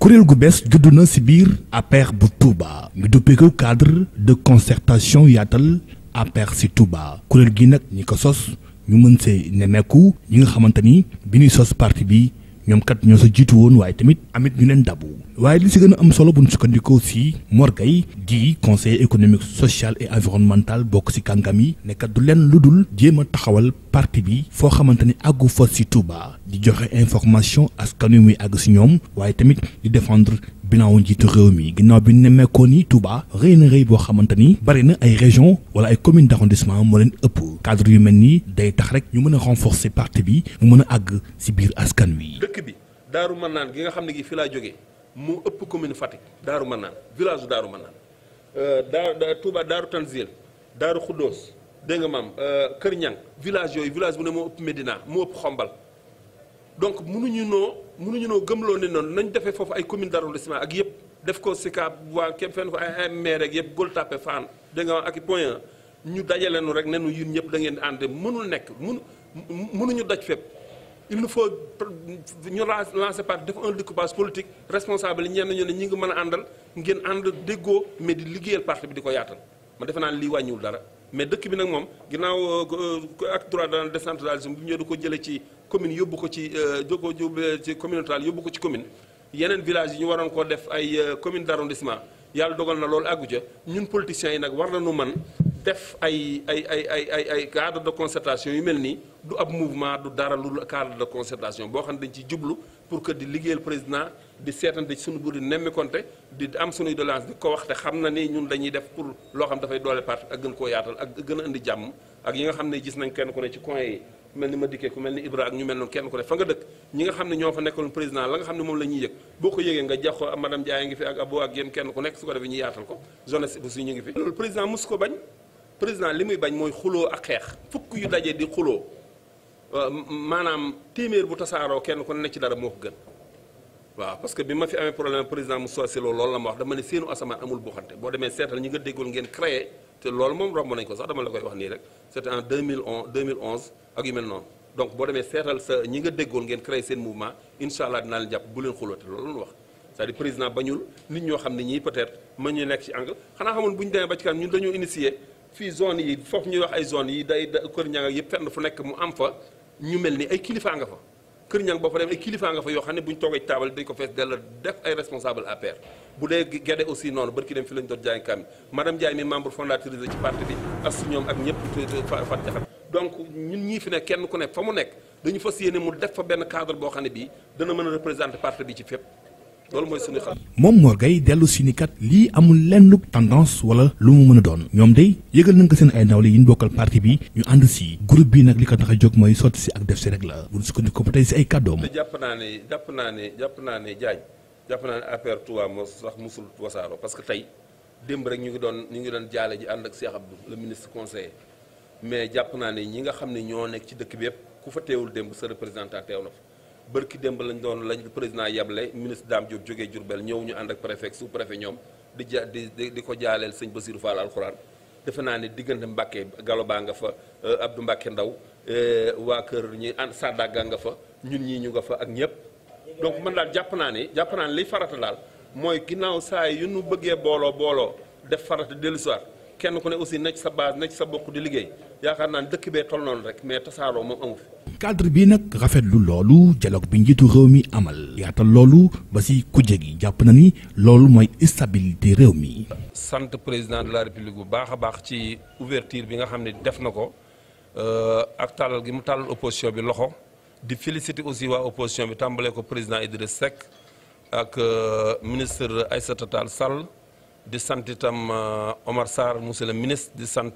kuréel gu bees juddu na ci biir APR bu Touba ñu duppee ko cadre de concertation yaatal APR ci Touba kuréel gi nag ñi ko sos ñu mën see nemmeeku ñi nga xamante ni bi ñuy sos parti bi ñoom kat ñoo sa jiitu woon waaye tamit amit ñu leen dabu waaye li si gën am solo bu ñu sukkandikoo si Mor di conseil économique social et environnemental bokk si kàngam yi ne kat du leen lu dul jéema taxawal parti bi foo xamante ni àggu fa si Touba. di joxe information askan wi muy àgg si ñoom waaye tamit di défendre bilan wu njiitu réew mi ginnaaw bi nemmeekoo ni Touba rëy na rëy boo xamante ni bari na ay région wala ay communes d'arrondissement moo leen ëpp cadre yu mel nii day tax rek ñu mën a renforcer parti bi mu mën a àgg si biir askan wi. dëkk bi Daaru man Mannaan gi nga xam ne gi fi laa jóge mu ëpp commune Fatick Daaru Mannaan village u Daaru Mannaan euh, daa Touba Daaru Tanzil Daaru Xuddoos dégg nga maam euh, Kër Ñang village yooyu village bu ne moo ëpp Médina moo ëpp donc mënuñu noo mënuñu noo loo ne noonu nañ defee foofu ay commune d'arrondissement ak yëpp def ko Sicap waa képp ko ay maire rek yëpp Gueule Tapée Fann da nga ak i ñu dajale nu rek ne nu yun ñëpp da ngeen di ànd mënul nekk mënu mënuñu daj fépp il nous faut ñu lancer par def un découpage politique responsable yi ñu ne ñi ngi mën a àndal ngeen ànd déggoo mais di liggéeyal parti bi di ko yaatal ma defe naa ne lii wàññiwul dara mais dëkk bi nag moom ginnaaw euh, ak droit la décentralisation bu ñëwee du ko jëlee ci commune yóbbu ko ci euh, jóko euh, ci commune rurale yóbbu ko ci commune yeneen village yi ñu waroon koo def ay euh, commune d' arrondissement yàlla dogal na loolu àggu ja ñun politiciens yi nag war nañu man def ay ay ay ay ay ay cadre de concertation yu mel nii du ab mouvement du dara lu cadre de concertation boo xam ne dañ ci jublu pour que di liggéeyal président di seetante ci suñu buur di nemmikonte di am suñuy doléance di ko wax te xam na ni ñun dañuy def pour loo xam dafay doole parti ak koo yaatal ak gën a indi jàmm ak yi nga xam ne gis nañ kenn ku ne ci coin yi mel ni ma dikkee ku mel ni Ibra ak ñu mel noonu kenn ku ne fa nga dëkk ñi nga xam ne ñoo fa nekkoon président la nga xam ne moom la yëg boo ko yëgee nga jox ko madame Ndiaye ngi fi ak abo ak yéen kenn ku nekk su ko defee ñu yaatal ko jeunesse bu si ñu ngi fi loolu président mosu ko bañ président li muy bañ mooy xuloo ak xeex fukk yu dajee di xuloo euh, maanaam téeméer bu tasaaroo kenn ku ne ci dara moo ko gën waaw parce que bi ma fi amee problème président Moussa Selo loolu la ak yu mel noonu donc boo demee seetal sa ñi nga déggoon ngeen créé seen mouvement incha allah dinaa leen jàpp bu leen xulóote loolu la wax xam nekk ci angle xanaa xamoon bu ñu demee ba ci kanam ñun dañoo initier fii zone yi foofu ñuy wax ay zone yi day kër ñanga yëpp fenn fu nekk mu am fa ñu mel ni ay kilifaa nga fa kër ñang boo fa dem ay kilifaa nga fa yoo xam ne bu ñu toogee taabal dañ ko fees della def ay responsable APR bu dee Guédé aussi noonu barki dem donc ñun ñii fi ne kenn ku nekk fa mu nekk dañu fas yéene mu def fa benn cadre boo xam ne bii dana mën a représenter parti bi ci fépp loolu mooy suñu xam. moom Mor Gueye dellu si ni kat lii amul lenn tendance wala lu mu mën a doon ñoom de yëgal nañ ko seen ay nawle yi ñu bokkal parti bi ñu ànd si groupe bi nag li ko tax a jóg mooy sotti si ak def si rek la bu ñu sukkandiku ba tey si ay kàddoom. te jàpp naa ne jàpp naa ne jàpp naa ne Diagne jàpp naa ne APR Touba moo sax musul wasaaroo parce que tey démb rek ñu ngi doon ñu ngi doon jaale ji ànd ak Cheikh Abdou le mais jàpp naa ne ñi nga xam ne ñoo nekk ci dëkk bi yëpp ku fa teewul démb sa représentant teew na fa bërki démb lañ doon lañ président yable ministre Dame Diop jogee Diourbel ñëw ñu ànd ak préfet sous préfet ñoom di ja di di ko jaaleel sëñ Basirou Fall alxuraan defe naa ne diggante Mbacke galo baa nga fa euh, Abdou Mbacke Ndaw euh, waa kër ñi ànd Sadaga nga fa ñun ñii ñu nga fa ak ñëpp donc man daal jàpp naa ne jàpp naa ne liy farata daal mooy ginnaaw saa yu nu bëggee booloo booloo def farata dellu soir kenn ku ne aussi na sa base na sa bokk di liggéey yaakaar naa ne dëkk bee toll noonu rek mais tasaaroo moom amu fi. cadre bi nag rafetlu loolu dialogue bi njiitu réew mi amal. yaatal loolu ba si kujje gi jàpp na ni loolu mooy stabilité réew mi. sant président de la république bu baax a baax ci ouverture bi nga xam ne def na ko euh, ak tàllal gi mu tàllal opposition bi loxo di féliciter aussi waa opposition bi tàmbalee ko président Idriss Seck ak euh, ministre Aïssata Tall Sall di sant itam euh, Omar Sarr monsieur le ministre di sant.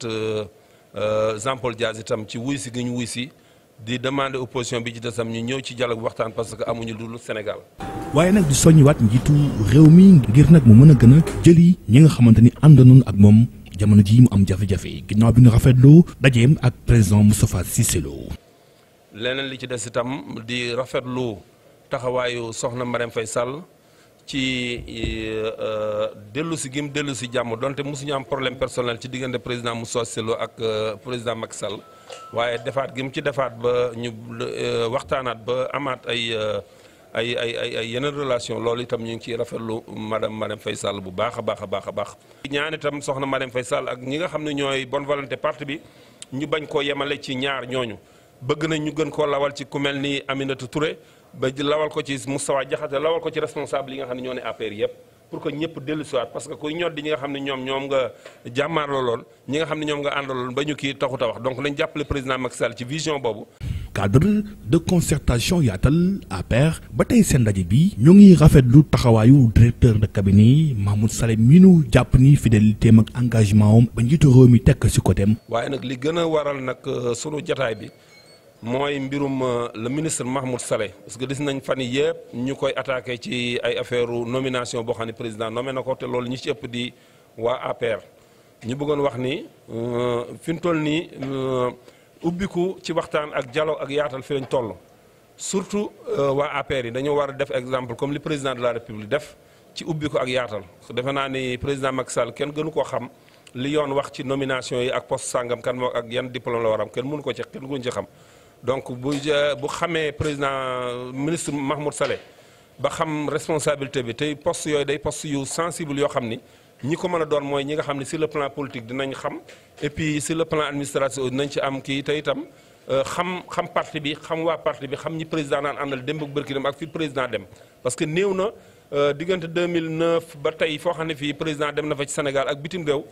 Euh, Jean Paul Diaz itam ci wuy si gi ñu wuy si di demander opposition bi ci desam ñu ñëw ci dialogue waxtaan parce que amuñu dul senegal waaye nag di soññiwaat njiitu réew mi ngir nag mu mën a gën a jëli ñi nga xamante ni àndanoon ak moom jamono jii mu am jafe-jafe ginnaaw bi ñu rafetlu dajeem ak président Moustapha Cissé Lo. leneen li ci des itam di rafetlu taxawaayu soxna Marème fay Sall. ci euh, euh, dellu si gim dellu si jàmm donte mosuñu am problème personnel ci diggante président Moussa Selo ak euh, président Macky Sall waaye defaat gim ci defaat ba ñu waxtaanaat ba amaat ay ay ay ay ay yeneen relation loolu itam ñu ngi ciy lu madame madame fay Sall bu baax a baax a baax a baax. ñaan itam soxna madame fay Sall ak ñi nga xam ne ñooy bon volonté parti bi ñu bañ koo yemale ci ñaar ñooñu. bëgg nañ ñu gën koo lawal ci ku mel ni Aminata Touré ba lawal ko ci Moustapha Diakhaté lawal ko ci responsable yi nga xam ne ñoo ne APR yëpp pour que ñëpp dellu siwaat parce que ne ñoom ñoom nga jàmmaarloo lool ñi nga xam ne ñoom nga àndaloon ba ñu kii taxut a wax donc nañ jàppale président Macky Sall ci vision boobu. cadre de concertation yaatal APR ba tey seen ndaje bi ñoo ngi rafetlu taxawaayu directeur de cabinet yi Mahmoud Saleh mi nu jàpp ni fidélité ak engagement am ba njiitu réew mi tekk ci côté am. waaye nag li gën a waral nag euh, sunu jataay bi. mooy mbirum euh, le ministre Mahmoud Saleh parce que gis nañ fan yi yëpp ñu koy attaqué ci ay affaire nomination boo xam ne président nommé na te loolu ñi ci di waa APR ñu bëggoon wax ni euh, fi mu toll nii euh, ubbiku ci waxtaan ak dialogue ak yaatal fi lañ toll surtout waa APR yi dañoo war a def exemple comme li président de la république def ci ubbiku ak yaatal su defe naa ni président mak Sall kenn gënu koo xam li yoon wax ci nomination yi ak poste sàngam kan moo ak yan diplôme la waram kenn mënu ko ci kenn gënu ci donc bu euh, bu xamee président ministre Mahmoud Saleh ba xam responsabilité bi tey post yooy day post yu sensible yoo xam ni ñi ko mën a doon mooy ñi nga xam ne si le plan politique dinañ xam et puis sur le plan administratif nañ ci am kii tey itam euh, xam xam parti bi xam waa parti bi xam ñi président naan àndal démb bërki dem ak fi président dem parce que néew na euh, diggante 2009 ba tey foo xam ne fii président dem na fa ci Sénégal ak bitim réew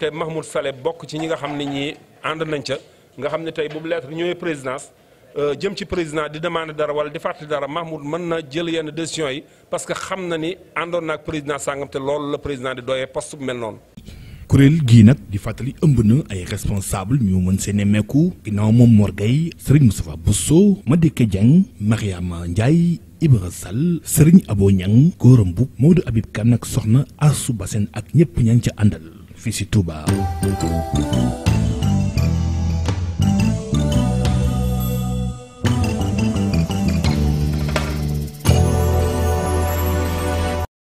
te Mahmoud Saleh bokk ci ñi nga xam ne ñii ànd nañ ca nga xam ne tey bu lettre ñëwee présidence euh, jëm ci président di demande dara wala di fàttali dara Mahmoud mën na jël yenn décisions yi parce que xam na ni àndoon naag président sàngam te loolu la président di doyee poste bu mel noonu. kuréel gii nag di fàttali ëmb na ay responsable ñu mën seen nemmeeku ginnaaw moom Mor Gueye Serigne Moustapha Bousso Madické Dieng Mariama Ndiaye Ibra Sall Serigne Abo Niang Gora Mboup du Habib Kane nag soxna Assou Bassène ak ñëpp ñañ ca àndal fii si Touba.